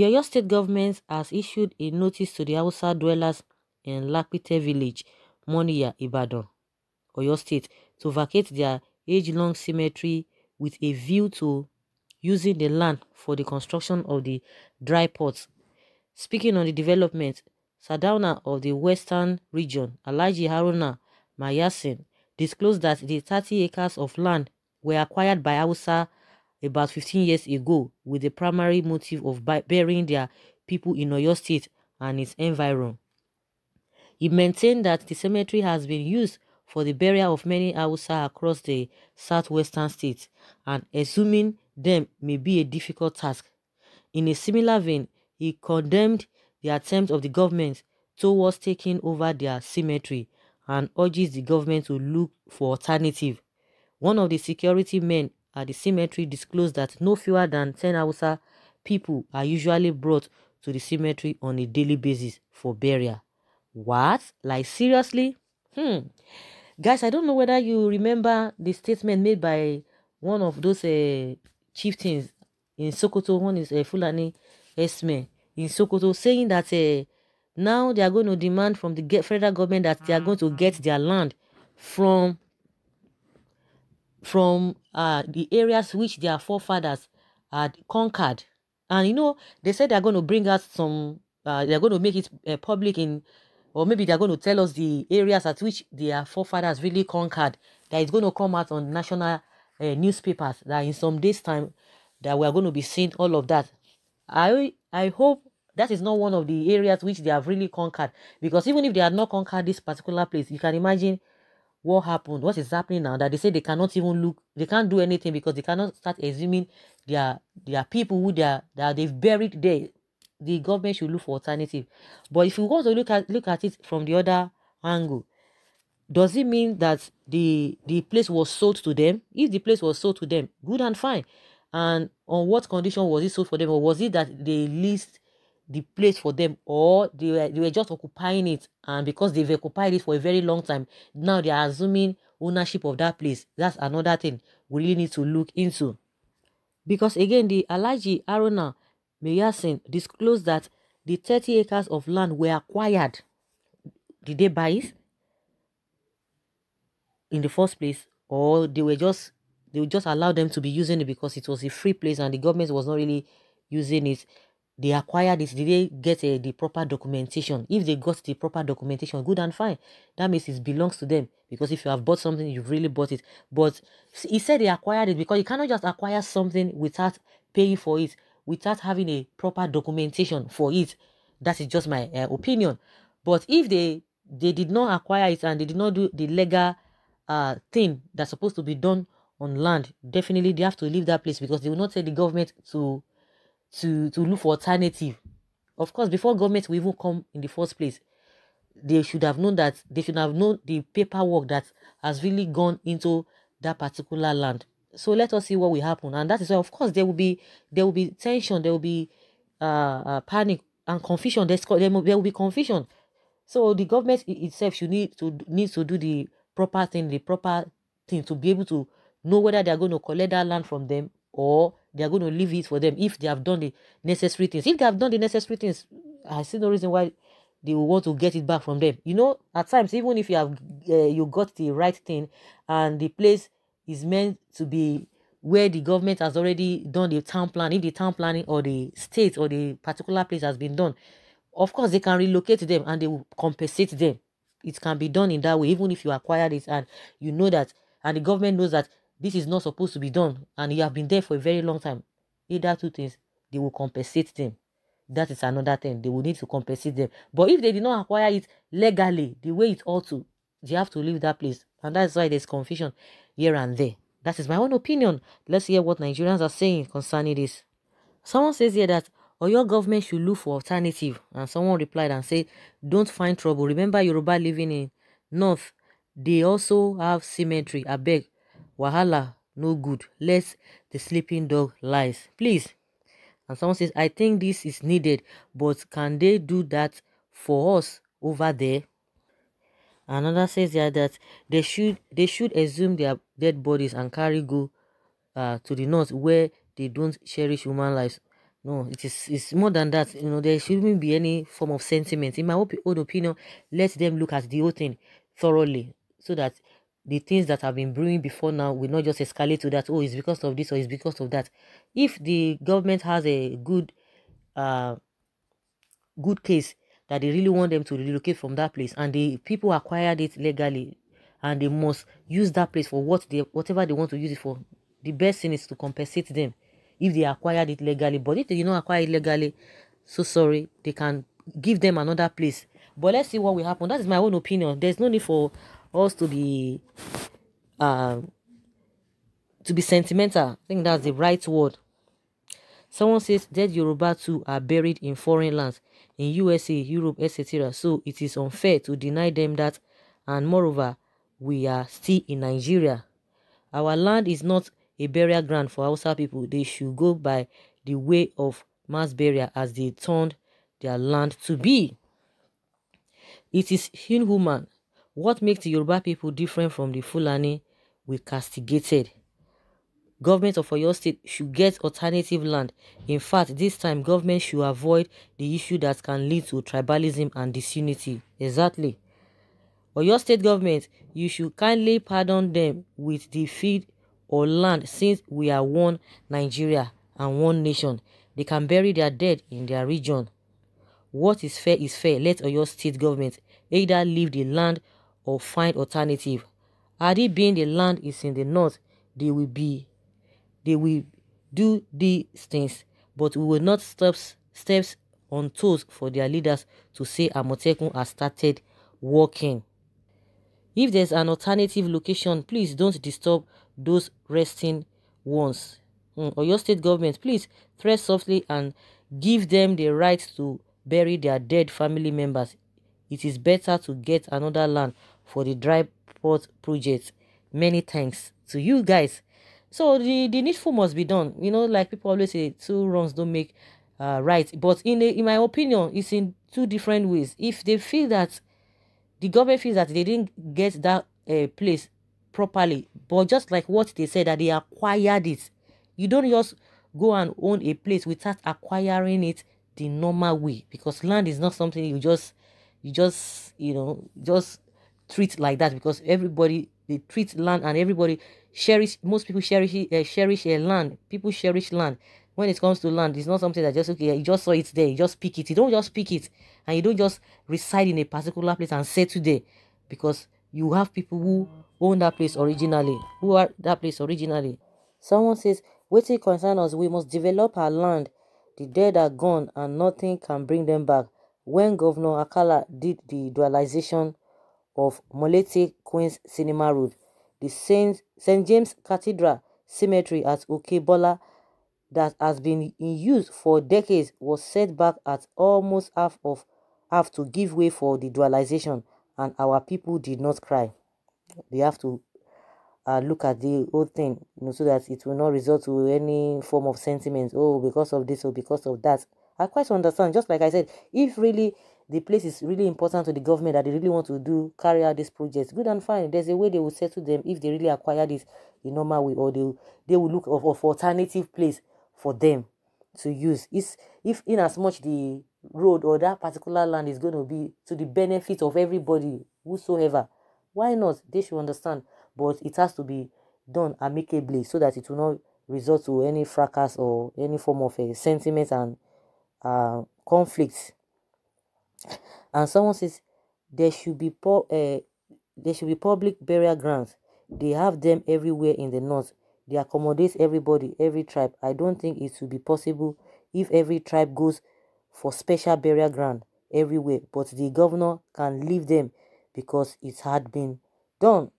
The Oyo State government has issued a notice to the Hausa dwellers in Lakpite village, Monia, Ibadan, Oyo State, to vacate their age-long cemetery with a view to using the land for the construction of the dry ports. Speaking on the development, Sadauna of the Western Region, Alaji Haruna Mayasin, disclosed that the 30 acres of land were acquired by Hausa about 15 years ago with the primary motive of burying their people in Oyo State and its environs, He maintained that the cemetery has been used for the burial of many Hausa across the southwestern states, and assuming them may be a difficult task. In a similar vein, he condemned the attempt of the government towards taking over their cemetery and urges the government to look for alternative. One of the security men at the cemetery disclosed that no fewer than 10 Hausa people are usually brought to the cemetery on a daily basis for burial. What? Like seriously? Hmm. Guys, I don't know whether you remember the statement made by one of those uh, eh, chieftains in Sokoto. One is uh, Fulani Esme in Sokoto saying that uh, now they are going to demand from the federal government that they are going to get mm. their land from from uh, the areas which their forefathers had conquered. And you know, they said they're going to bring us some, uh, they're going to make it uh, public in, or maybe they're going to tell us the areas at which their forefathers really conquered. That is going to come out on national uh, newspapers. That in some days' time, that we are going to be seeing all of that. I I hope that is not one of the areas which they have really conquered because even if they had not conquered this particular place, you can imagine what happened, what is happening now that they say they cannot even look, they can't do anything because they cannot start assuming their their people who they are that they've buried there. The government should look for alternative. But if you want to look at look at it from the other angle, does it mean that the the place was sold to them? If the place was sold to them, good and fine. And on what condition was it sold for them, or was it that they leased the place for them or they were, they were just occupying it and because they've occupied it for a very long time now they are assuming ownership of that place that's another thing we really need to look into because again the alaji aruna meyasin disclosed that the 30 acres of land were acquired did they buy it in the first place or they were just they would just allow them to be using it because it was a free place and the government was not really using it they acquired this? did they get uh, the proper documentation? If they got the proper documentation, good and fine. That means it belongs to them. Because if you have bought something, you've really bought it. But he said they acquired it because you cannot just acquire something without paying for it, without having a proper documentation for it. That is just my uh, opinion. But if they they did not acquire it and they did not do the legal uh, thing that's supposed to be done on land, definitely they have to leave that place because they will not tell the government to to to look for alternative. Of course, before government will even come in the first place, they should have known that they should have known the paperwork that has really gone into that particular land. So let us see what will happen, and that is why, of course, there will be there will be tension, there will be uh, uh panic and confusion. There's, there will be confusion. So the government itself should need to needs to do the proper thing, the proper thing to be able to know whether they are going to collect that land from them or they are going to leave it for them if they have done the necessary things. If they have done the necessary things, I see no reason why they will want to get it back from them. You know, at times, even if you have uh, you got the right thing and the place is meant to be where the government has already done the town plan, if the town planning or the state or the particular place has been done, of course they can relocate them and they will compensate them. It can be done in that way, even if you acquired it and you know that, and the government knows that this is not supposed to be done, and you have been there for a very long time. Either two things, they will compensate them. That is another thing. They will need to compensate them. But if they did not acquire it legally, the way it ought to, they have to leave that place. And that's why there's confusion here and there. That is my own opinion. Let's hear what Nigerians are saying concerning this. Someone says here that or your government should look for alternative. And someone replied and said, don't find trouble. Remember Yoruba living in North. They also have cemetery. I beg. Wahala, no good. Let the sleeping dog lies. Please. And someone says, I think this is needed, but can they do that for us over there? Another says yeah that they should they should assume their dead bodies and carry go uh, to the north where they don't cherish human lives. No, it is it's more than that. You know, there shouldn't be any form of sentiment. In my own opinion, let them look at the whole thing thoroughly so that the things that have been brewing before now will not just escalate to that, oh, it's because of this or it's because of that. If the government has a good uh, good case that they really want them to relocate from that place and the people acquired it legally and they must use that place for what they whatever they want to use it for, the best thing is to compensate them if they acquired it legally. But if they did not acquire it legally, so sorry, they can give them another place. But let's see what will happen. That is my own opinion. There's no need for us to be um, to be sentimental. I think that's the right word. Someone says dead Yoruba too are buried in foreign lands, in USA, Europe, etc. So it is unfair to deny them that, and moreover, we are still in Nigeria. Our land is not a burial ground for outside people. They should go by the way of mass burial as they turned their land to be. It is inhuman what makes the Yoruba people different from the Fulani we castigated? Government of Oyo State should get alternative land. In fact, this time government should avoid the issue that can lead to tribalism and disunity. Exactly. Oyo State government, you should kindly pardon them with the feed or land since we are one Nigeria and one nation. They can bury their dead in their region. What is fair is fair. Let Oyo State government either leave the land or find alternative. Had it been the land is in the north, they will be, they will do these things, but we will not stop steps on toes for their leaders to say Amotekun has started working. If there's an alternative location, please don't disturb those resting ones. Mm, or your state government, please tread softly and give them the right to bury their dead family members it is better to get another land for the dry port project. Many thanks to you guys. So the, the needful must be done. You know, like people always say, two wrongs don't make uh, right. But in, in my opinion, it's in two different ways. If they feel that the government feels that they didn't get that uh, place properly, but just like what they said, that they acquired it. You don't just go and own a place without acquiring it the normal way because land is not something you just you just you know just treat like that because everybody they treat land and everybody cherish most people cherish uh, cherish uh, land people cherish land when it comes to land it's not something that just okay you just saw it there you just pick it you don't just pick it and you don't just reside in a particular place and say today because you have people who own that place originally who are that place originally someone says waiting concern us we must develop our land the dead are gone and nothing can bring them back when Governor Akala did the dualization of Molete Queen's Cinema Road, the St. James Cathedral Cemetery at Okebola that has been in use for decades was set back at almost half of half to give way for the dualization and our people did not cry. They have to uh, look at the whole thing you know, so that it will not result to any form of sentiments. Oh, because of this or oh, because of that. I quite understand. Just like I said, if really the place is really important to the government that they really want to do carry out these projects, good and fine. There's a way they will settle them if they really acquire this the normal way, or they will, they will look of, of alternative place for them to use. Is if in as much the road or that particular land is going to be to the benefit of everybody whosoever why not they should understand but it has to be done amicably so that it will not result to any fracas or any form of a eh, sentiment and uh, conflicts. And someone says there should be po- uh, eh, there should be public burial grounds. They have them everywhere in the north. They accommodate everybody, every tribe. I don't think it should be possible if every tribe goes for special burial ground everywhere, but the governor can leave them because it had been done.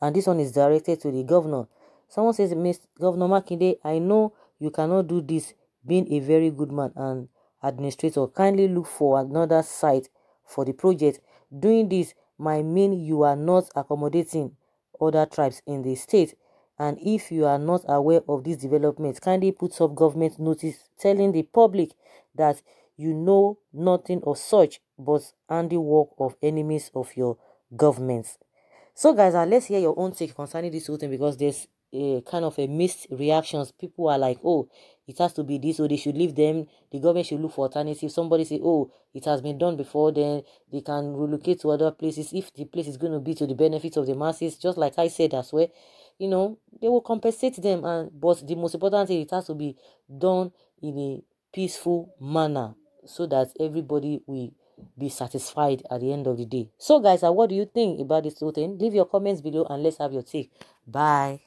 And this one is directed to the governor. Someone says, Miss Governor Makinde, I know you cannot do this, being a very good man and administrator, kindly look for another site for the project. Doing this might mean you are not accommodating other tribes in the state. And if you are not aware of this development, kindly put up government notice telling the public that you know nothing of such but handiwork of enemies of your governments. So guys, uh, let's hear your own take concerning this whole thing because there's kind of a mixed reactions. People are like, oh, it has to be this, or they should leave them. The government should look for If Somebody say, oh, it has been done before, then they can relocate to other places if the place is going to be to the benefit of the masses. Just like I said as well, you know, they will compensate them. And but the most important thing, it has to be done in a peaceful manner so that everybody will be satisfied at the end of the day. So, guys, uh, what do you think about this whole thing? Leave your comments below and let's have your take. Bye.